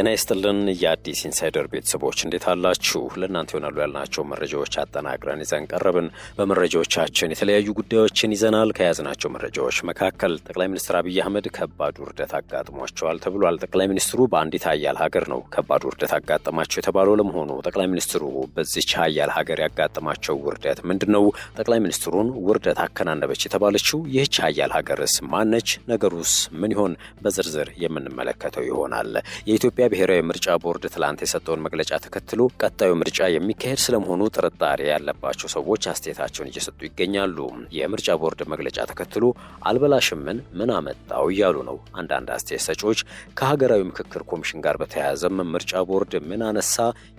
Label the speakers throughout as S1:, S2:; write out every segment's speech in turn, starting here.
S1: ጤና ይስጥልን የአዲስ ኢንሳይደር ቤተሰቦች እንዴት አላችሁ? ለእናንተ ይሆናሉ ያልናቸው መረጃዎች አጠናቅረን ይዘን ቀረብን። በመረጃዎቻችን የተለያዩ ጉዳዮችን ይዘናል። ከያዝናቸው መረጃዎች መካከል ጠቅላይ ሚኒስትር አብይ አህመድ ከባድ ውርደት አጋጥሟቸዋል ተብሏል። ጠቅላይ ሚኒስትሩ በአንዲት ሀያል ሀገር ነው ከባድ ውርደት አጋጠማቸው የተባለው። ለመሆኑ ጠቅላይ ሚኒስትሩ በዚች ሀያል ሀገር ያጋጠማቸው ውርደት ምንድን ነው? ጠቅላይ ሚኒስትሩን ውርደት አከናነበች የተባለችው ይህች ሀያል ሀገርስ ማነች? ነገሩስ ምን ይሆን? በዝርዝር የምንመለከተው ይሆናል። የኢትዮጵያ የኢትዮጵያ ብሔራዊ ምርጫ ቦርድ ትላንት የሰጠውን መግለጫ ተከትሎ ቀጣዩ ምርጫ የሚካሄድ ስለመሆኑ ጥርጣሬ ያለባቸው ሰዎች አስተያየታቸውን እየሰጡ ይገኛሉ። የምርጫ ቦርድ መግለጫ ተከትሎ አልበላሽምን ምን አመጣው እያሉ ነው አንዳንድ አስተያየት ሰጪዎች። ከሀገራዊ ምክክር ኮሚሽን ጋር በተያያዘም ምርጫ ቦርድ ምን አነሳ፣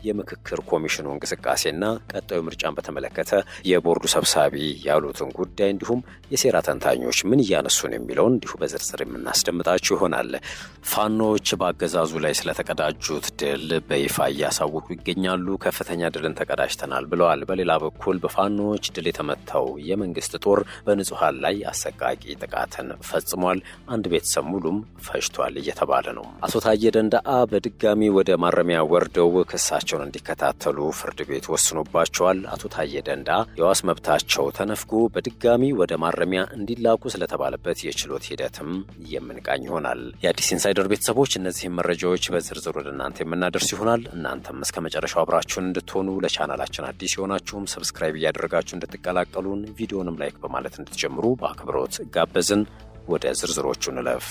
S1: የምክክር ኮሚሽኑ እንቅስቃሴና ቀጣዩ ምርጫን በተመለከተ የቦርዱ ሰብሳቢ ያሉትን ጉዳይ እንዲሁም የሴራ ተንታኞች ምን እያነሱን የሚለውን እንዲሁ በዝርዝር የምናስደምጣችሁ ይሆናል። ፋኖዎች በአገዛዙ ላይ ስለ ለተቀዳጁት ድል በይፋ እያሳወቁ ይገኛሉ። ከፍተኛ ድልን ተቀዳጅተናል ብለዋል። በሌላ በኩል በፋኖች ድል የተመታው የመንግስት ጦር በንጹሐን ላይ አሰቃቂ ጥቃትን ፈጽሟል። አንድ ቤተሰብ ሙሉም ፈጅቷል እየተባለ ነው። አቶ ታዬ ደንዳአ በድጋሚ ወደ ማረሚያ ወርደው ክሳቸውን እንዲከታተሉ ፍርድ ቤት ወስኖባቸዋል። አቶ ታዬ ደንዳ የዋስ መብታቸው ተነፍጎ በድጋሚ ወደ ማረሚያ እንዲላኩ ስለተባለበት የችሎት ሂደትም የምንቃኝ ይሆናል። የአዲስ ኢንሳይደር ቤተሰቦች እነዚህም መረጃዎች በዝርዝር ወደ እናንተ የምናደርስ ይሆናል። እናንተም እስከ መጨረሻው አብራችሁን እንድትሆኑ ለቻናላችን አዲስ የሆናችሁም ሰብስክራይብ እያደረጋችሁ እንድትቀላቀሉን ቪዲዮንም ላይክ በማለት እንድትጀምሩ በአክብሮት ጋበዝን። ወደ ዝርዝሮቹ እንለፍ።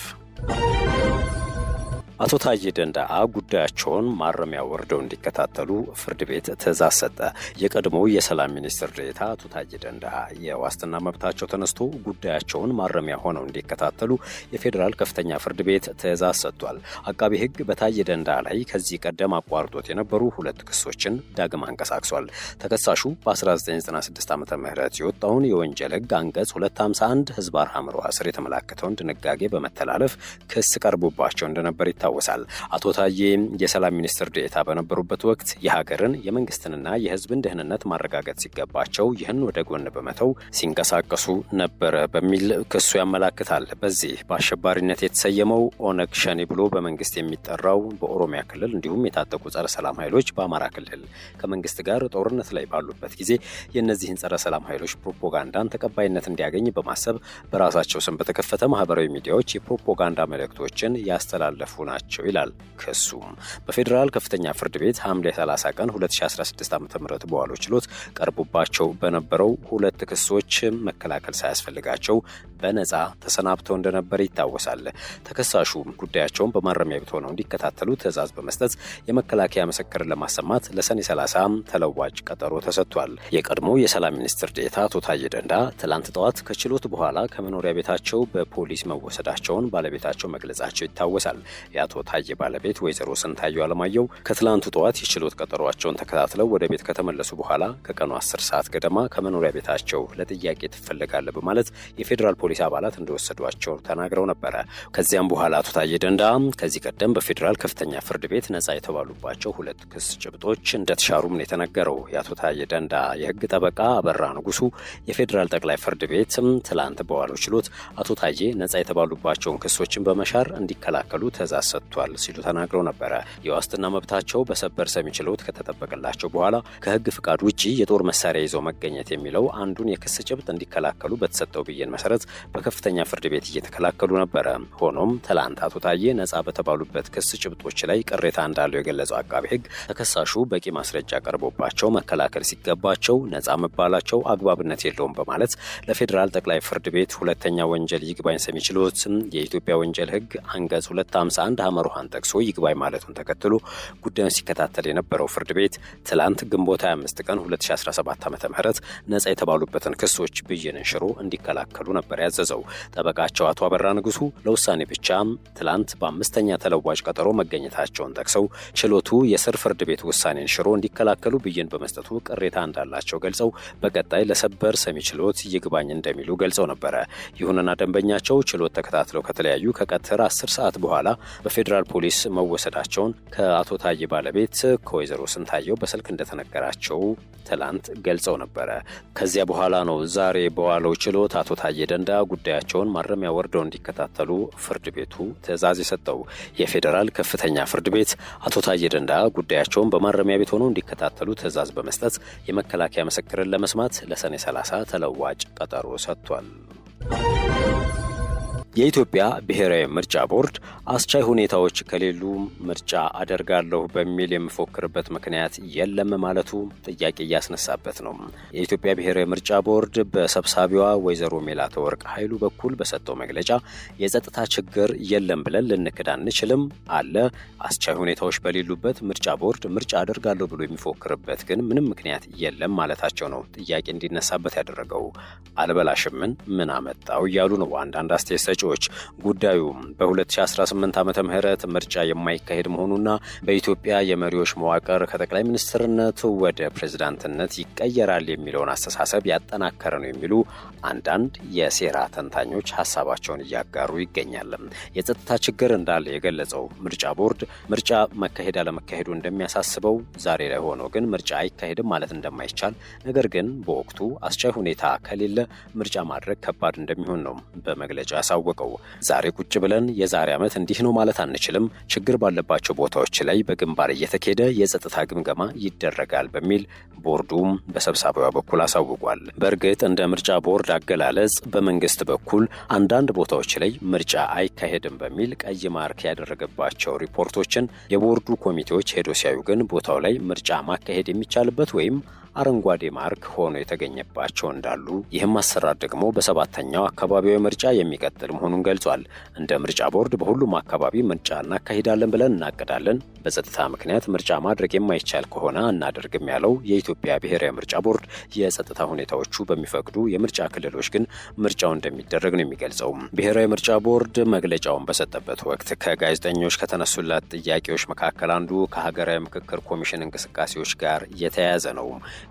S1: አቶ ታዬ ደንዳአ ጉዳያቸውን ማረሚያ ወርደው እንዲከታተሉ ፍርድ ቤት ትዕዛዝ ሰጠ። የቀድሞ የሰላም ሚኒስትር ዴታ አቶ ታዬ ደንዳአ የዋስትና መብታቸው ተነስቶ ጉዳያቸውን ማረሚያ ሆነው እንዲከታተሉ የፌዴራል ከፍተኛ ፍርድ ቤት ትዕዛዝ ሰጥቷል። አቃቢ ሕግ በታዬ ደንዳአ ላይ ከዚህ ቀደም አቋርጦት የነበሩ ሁለት ክሶችን ዳግም አንቀሳቅሷል። ተከሳሹ በ1996 ዓ ም የወጣውን የወንጀል ሕግ አንቀጽ 251 ህዝብ አርሃምሮ ስር የተመላከተውን ድንጋጌ በመተላለፍ ክስ ቀርቦባቸው እንደነበር ይታል ይታወሳል። አቶ ታዬ የሰላም ሚኒስትር ዴኤታ በነበሩበት ወቅት የሀገርን የመንግስትንና የህዝብን ደህንነት ማረጋገጥ ሲገባቸው ይህን ወደ ጎን በመተው ሲንቀሳቀሱ ነበረ በሚል ክሱ ያመላክታል። በዚህ በአሸባሪነት የተሰየመው ኦነግ ሸኔ ብሎ በመንግስት የሚጠራው በኦሮሚያ ክልል እንዲሁም የታጠቁ ጸረ ሰላም ኃይሎች በአማራ ክልል ከመንግስት ጋር ጦርነት ላይ ባሉበት ጊዜ የእነዚህን ጸረ ሰላም ኃይሎች ፕሮፓጋንዳን ተቀባይነት እንዲያገኝ በማሰብ በራሳቸው ስም በተከፈተ ማህበራዊ ሚዲያዎች የፕሮፓጋንዳ መልእክቶችን ያስተላለፉ ናቸው ናቸው ይላል ክሱም። በፌዴራል ከፍተኛ ፍርድ ቤት ሐምሌ 30 ቀን 2016 ዓ ም በዋለው ችሎት ቀርቦባቸው በነበረው ሁለት ክሶች መከላከል ሳያስፈልጋቸው በነፃ ተሰናብተው እንደነበር ይታወሳል። ተከሳሹ ጉዳያቸውን በማረሚያ ቤት ሆነው እንዲከታተሉ ትዕዛዝ በመስጠት የመከላከያ ምስክርን ለማሰማት ለሰኔ 30 ተለዋጭ ቀጠሮ ተሰጥቷል። የቀድሞ የሰላም ሚኒስትር ዴታ አቶ ታዬ ደንዳ ትላንት ጠዋት ከችሎት በኋላ ከመኖሪያ ቤታቸው በፖሊስ መወሰዳቸውን ባለቤታቸው መግለጻቸው ይታወሳል። የአቶ ታዬ ባለቤት ወይዘሮ ስንታየው አለማየው ከትላንቱ ጠዋት የችሎት ቀጠሯቸውን ተከታትለው ወደ ቤት ከተመለሱ በኋላ ከቀኑ አስር ሰዓት ገደማ ከመኖሪያ ቤታቸው ለጥያቄ ትፈለጋለህ በማለት የፌዴራል ፖሊስ አባላት እንደወሰዷቸው ተናግረው ነበረ። ከዚያም በኋላ አቶ ታዬ ደንዳ ከዚህ ቀደም በፌዴራል ከፍተኛ ፍርድ ቤት ነጻ የተባሉባቸው ሁለት ክስ ጭብጦች እንደተሻሩም ነው የተነገረው። የአቶ ታዬ ደንዳ የህግ ጠበቃ አበራ ንጉሱ የፌዴራል ጠቅላይ ፍርድ ቤት ትላንት በዋለው ችሎት አቶ ታዬ ነጻ የተባሉባቸውን ክሶችን በመሻር እንዲከላከሉ ትእዛዝ ተሰጥቷል ሲሉ ተናግረው ነበረ። የዋስትና መብታቸው በሰበር ሰሚ ችሎት ከተጠበቀላቸው በኋላ ከህግ ፍቃድ ውጪ የጦር መሳሪያ ይዘው መገኘት የሚለው አንዱን የክስ ጭብጥ እንዲከላከሉ በተሰጠው ብይን መሰረት በከፍተኛ ፍርድ ቤት እየተከላከሉ ነበረ። ሆኖም ትላንት አቶ ታዬ ነጻ በተባሉበት ክስ ጭብጦች ላይ ቅሬታ እንዳለው የገለጸው አቃቤ ህግ ተከሳሹ በቂ ማስረጃ ቀርቦባቸው መከላከል ሲገባቸው ነጻ መባላቸው አግባብነት የለውም በማለት ለፌዴራል ጠቅላይ ፍርድ ቤት ሁለተኛ ወንጀል ይግባኝ ሰሚ ችሎት የኢትዮጵያ ወንጀል ህግ አንቀጽ 251 የሐመሩሃን ጠቅሶ ይግባኝ ማለቱን ተከትሎ ጉዳዩን ሲከታተል የነበረው ፍርድ ቤት ትላንት ግንቦት 25 ቀን 2017 ዓ ም ነጻ የተባሉበትን ክሶች ብይንን ሽሮ እንዲከላከሉ ነበር ያዘዘው። ጠበቃቸው አቶ አበራ ንጉሱ ለውሳኔ ብቻም ትላንት በአምስተኛ ተለዋጭ ቀጠሮ መገኘታቸውን ጠቅሰው ችሎቱ የስር ፍርድ ቤት ውሳኔን ሽሮ እንዲከላከሉ ብይን በመስጠቱ ቅሬታ እንዳላቸው ገልጸው በቀጣይ ለሰበር ሰሚ ችሎት ይግባኝ እንደሚሉ ገልጸው ነበረ። ይሁንና ደንበኛቸው ችሎት ተከታትለው ከተለያዩ ከቀትር 10 ሰዓት በኋላ በፌዴራል ፖሊስ መወሰዳቸውን ከአቶ ታዬ ባለቤት ከወይዘሮ ስንታየው በስልክ እንደተነገራቸው ትላንት ገልጸው ነበረ። ከዚያ በኋላ ነው ዛሬ በዋለው ችሎት አቶ ታዬ ደንዳ ጉዳያቸውን ማረሚያ ወርደው እንዲከታተሉ ፍርድ ቤቱ ትዕዛዝ የሰጠው። የፌዴራል ከፍተኛ ፍርድ ቤት አቶ ታዬ ደንዳ ጉዳያቸውን በማረሚያ ቤት ሆነው እንዲከታተሉ ትዕዛዝ በመስጠት የመከላከያ ምስክርን ለመስማት ለሰኔ 30 ተለዋጭ ቀጠሮ ሰጥቷል። የኢትዮጵያ ብሔራዊ ምርጫ ቦርድ አስቻይ ሁኔታዎች ከሌሉ ምርጫ አደርጋለሁ በሚል የምፎክርበት ምክንያት የለም ማለቱ ጥያቄ እያስነሳበት ነው። የኢትዮጵያ ብሔራዊ ምርጫ ቦርድ በሰብሳቢዋ ወይዘሮ ሜላተወርቅ ኃይሉ በኩል በሰጠው መግለጫ የጸጥታ ችግር የለም ብለን ልንክድ አንችልም አለ። አስቻይ ሁኔታዎች በሌሉበት ምርጫ ቦርድ ምርጫ አደርጋለሁ ብሎ የሚፎክርበት ግን ምንም ምክንያት የለም ማለታቸው ነው ጥያቄ እንዲነሳበት ያደረገው። አልበላሽምን ምን አመጣው እያሉ ነው አንዳንድ አስተያየት ሰጪ ተቺዎች ጉዳዩ በ2018 ዓመተ ምህረት ምርጫ የማይካሄድ መሆኑና በኢትዮጵያ የመሪዎች መዋቅር ከጠቅላይ ሚኒስትርነት ወደ ፕሬዝዳንትነት ይቀየራል የሚለውን አስተሳሰብ ያጠናከረ ነው የሚሉ አንዳንድ የሴራ ተንታኞች ሀሳባቸውን እያጋሩ ይገኛል። የጸጥታ ችግር እንዳለ የገለጸው ምርጫ ቦርድ ምርጫ መካሄድ አለመካሄዱ እንደሚያሳስበው ዛሬ ላይ ሆኖ ግን ምርጫ አይካሄድም ማለት እንደማይቻል ነገር ግን በወቅቱ አስቻይ ሁኔታ ከሌለ ምርጫ ማድረግ ከባድ እንደሚሆን ነው በመግለጫ ያሳወቀ የሚታወቀው። ዛሬ ቁጭ ብለን የዛሬ ዓመት እንዲህ ነው ማለት አንችልም። ችግር ባለባቸው ቦታዎች ላይ በግንባር እየተካሄደ የጸጥታ ግምገማ ይደረጋል በሚል ቦርዱም በሰብሳቢዋ በኩል አሳውቋል። በእርግጥ እንደ ምርጫ ቦርድ አገላለጽ በመንግስት በኩል አንዳንድ ቦታዎች ላይ ምርጫ አይካሄድም በሚል ቀይ ማርክ ያደረገባቸው ሪፖርቶችን የቦርዱ ኮሚቴዎች ሄዶ ሲያዩ ግን ቦታው ላይ ምርጫ ማካሄድ የሚቻልበት ወይም አረንጓዴ ማርክ ሆኖ የተገኘባቸው እንዳሉ፣ ይህም አሰራር ደግሞ በሰባተኛው አካባቢያዊ ምርጫ የሚቀጥል መሆኑን ገልጿል። እንደ ምርጫ ቦርድ በሁሉም አካባቢ ምርጫ እናካሂዳለን ብለን እናቅዳለን። በጸጥታ ምክንያት ምርጫ ማድረግ የማይቻል ከሆነ አናደርግም ያለው የኢትዮጵያ ብሔራዊ ምርጫ ቦርድ የጸጥታ ሁኔታዎቹ በሚፈቅዱ የምርጫ ክልሎች ግን ምርጫው እንደሚደረግ ነው የሚገልጸው። ብሔራዊ ምርጫ ቦርድ መግለጫውን በሰጠበት ወቅት ከጋዜጠኞች ከተነሱላት ጥያቄዎች መካከል አንዱ ከሀገራዊ ምክክር ኮሚሽን እንቅስቃሴዎች ጋር የተያያዘ ነው።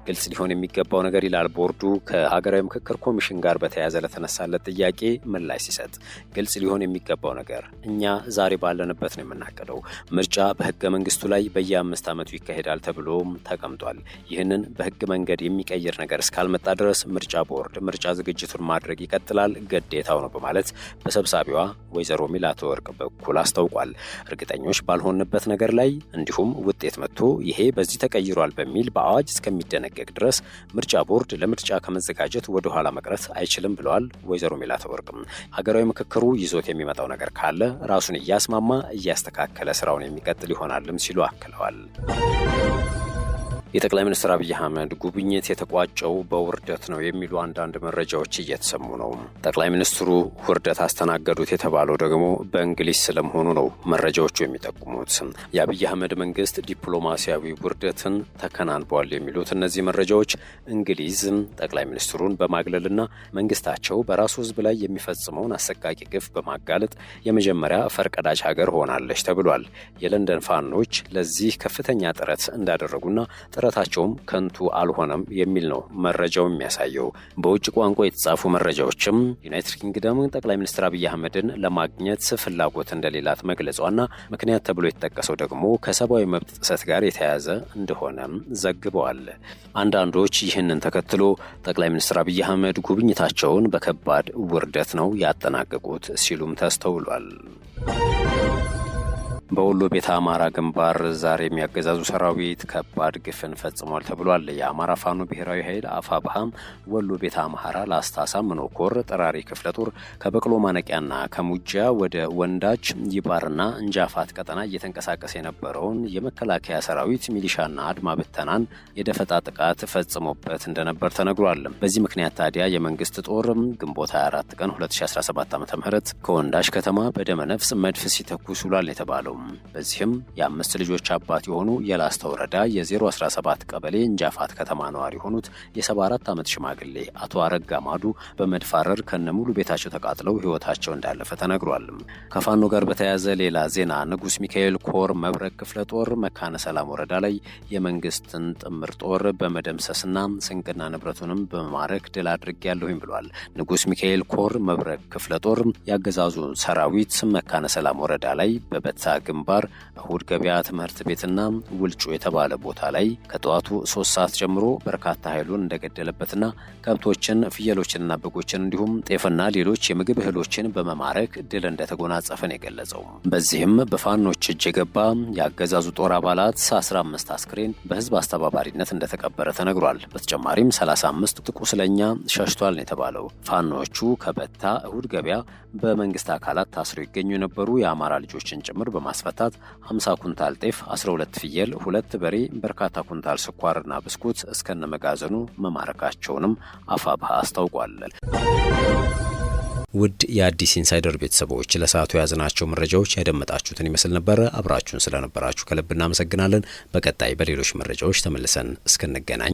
S1: ግልጽ ሊሆን የሚገባው ነገር ይላል ቦርዱ ከሀገራዊ ምክክር ኮሚሽን ጋር በተያያዘ ለተነሳለት ጥያቄ ምላሽ ሲሰጥ። ግልጽ ሊሆን የሚገባው ነገር እኛ ዛሬ ባለንበት ነው የምናቅደው። ምርጫ በህገ መንግስቱ ላይ በየአምስት ዓመቱ ይካሄዳል ተብሎም ተቀምጧል። ይህንን በህግ መንገድ የሚቀይር ነገር እስካልመጣ ድረስ ምርጫ ቦርድ ምርጫ ዝግጅቱን ማድረግ ይቀጥላል፣ ግዴታው ነው በማለት በሰብሳቢዋ ወይዘሮ ወርቅ በኩል አስታውቋል። እርግጠኞች ባልሆንበት ነገር ላይ እንዲሁም ውጤት መጥቶ ይሄ በዚህ ተቀይሯል በሚል በአዋጅ እስከሚደነ እስኪደነገግ ድረስ ምርጫ ቦርድ ለምርጫ ከመዘጋጀት ወደ ኋላ መቅረት አይችልም ብለዋል ወይዘሮ ሜላተወርቅም። ሀገራዊ ምክክሩ ይዞት የሚመጣው ነገር ካለ ራሱን እያስማማ እያስተካከለ ስራውን የሚቀጥል ይሆናልም ሲሉ አክለዋል። የጠቅላይ ሚኒስትር አብይ አህመድ ጉብኝት የተቋጨው በውርደት ነው የሚሉ አንዳንድ መረጃዎች እየተሰሙ ነው። ጠቅላይ ሚኒስትሩ ውርደት አስተናገዱት የተባለው ደግሞ በእንግሊዝ ስለመሆኑ ነው መረጃዎቹ የሚጠቁሙት። የአብይ አህመድ መንግስት ዲፕሎማሲያዊ ውርደትን ተከናንቧል የሚሉት እነዚህ መረጃዎች እንግሊዝ ጠቅላይ ሚኒስትሩን በማግለልና መንግስታቸው በራሱ ህዝብ ላይ የሚፈጽመውን አሰቃቂ ግፍ በማጋለጥ የመጀመሪያ ፈርቀዳጅ ሀገር ሆናለች ተብሏል። የለንደን ፋኖች ለዚህ ከፍተኛ ጥረት እንዳደረጉና ጥረታቸውም ከንቱ አልሆነም የሚል ነው መረጃው የሚያሳየው። በውጭ ቋንቋ የተጻፉ መረጃዎችም ዩናይትድ ኪንግደም ጠቅላይ ሚኒስትር አብይ አህመድን ለማግኘት ፍላጎት እንደሌላት መግለጿና ምክንያት ተብሎ የተጠቀሰው ደግሞ ከሰብአዊ መብት ጥሰት ጋር የተያያዘ እንደሆነም ዘግበዋል። አንዳንዶች ይህንን ተከትሎ ጠቅላይ ሚኒስትር አብይ አህመድ ጉብኝታቸውን በከባድ ውርደት ነው ያጠናቀቁት ሲሉም ተስተውሏል። በወሎ ቤተ አማራ ግንባር ዛሬ የሚያገዛዙ ሰራዊት ከባድ ግፍን ፈጽሟል ተብሏል። የአማራ ፋኖ ብሔራዊ ኃይል አፋብሃም ወሎ ቤተ አማራ ላስታሳ ምኖኮር ጠራሪ ክፍለ ጦር ከበቅሎ ማነቂያና ከሙጃ ወደ ወንዳች ይባርና እንጃፋት ቀጠና እየተንቀሳቀሰ የነበረውን የመከላከያ ሰራዊት ሚሊሻና አድማ ብተናን የደፈጣ ጥቃት ፈጽሞበት እንደነበር ተነግሯል። በዚህ ምክንያት ታዲያ የመንግስት ጦር ግንቦት 24 ቀን 2017 ዓ ም ከወንዳች ከተማ በደመነፍስ መድፍ ሲተኩስ ውሏል የተባለው አልቻሉም። በዚህም የአምስት ልጆች አባት የሆኑ የላስታ ወረዳ የ017 ቀበሌ እንጃፋት ከተማ ነዋሪ የሆኑት የ74 ዓመት ሽማግሌ አቶ አረጋ ማዱ በመድፋረር ከነሙሉ ቤታቸው ተቃጥለው ህይወታቸው እንዳለፈ ተነግሯል። ከፋኖ ጋር በተያያዘ ሌላ ዜና ንጉስ ሚካኤል ኮር መብረቅ ክፍለ ጦር መካነ ሰላም ወረዳ ላይ የመንግስትን ጥምር ጦር በመደምሰስና ስንቅና ንብረቱንም በመማረክ ድል ያለሁኝ ብሏል። ንጉስ ሚካኤል ኮር መብረቅ ክፍለ ጦር ያገዛዙ ሰራዊት መካነ ሰላም ወረዳ ላይ በበታ ግንባር እሁድ ገበያ ትምህርት ቤትና ውልጮ የተባለ ቦታ ላይ ከጠዋቱ ሶስት ሰዓት ጀምሮ በርካታ ኃይሉን እንደገደለበትና ከብቶችን፣ ፍየሎችንና በጎችን እንዲሁም ጤፍና ሌሎች የምግብ እህሎችን በመማረክ ድል እንደተጎናጸፈን የገለጸው በዚህም በፋኖች እጅ የገባ የአገዛዙ ጦር አባላት 15 አስክሬን በህዝብ አስተባባሪነት እንደተቀበረ ተነግሯል። በተጨማሪም 35 ጥቁስለኛ ሸሽቷል ነው የተባለው። ፋኖቹ ከበታ እሁድ ገበያ በመንግስት አካላት ታስረው ይገኙ የነበሩ የአማራ ልጆችን ጭምር በማ ለማስፈታት 50 ኩንታል ጤፍ፣ 12 ፍየል፣ ሁለት በሬ፣ በርካታ ኩንታል ስኳርና ብስኩት እስከነ መጋዘኑ መማረካቸውንም አፋብሃ አስታውቋል። ውድ የአዲስ ኢንሳይደር ቤተሰቦች ለሰዓቱ የያዝናቸው መረጃዎች ያደመጣችሁትን ይመስል ነበረ። አብራችሁን ስለነበራችሁ ከልብ እናመሰግናለን። በቀጣይ በሌሎች መረጃዎች ተመልሰን እስክንገናኝ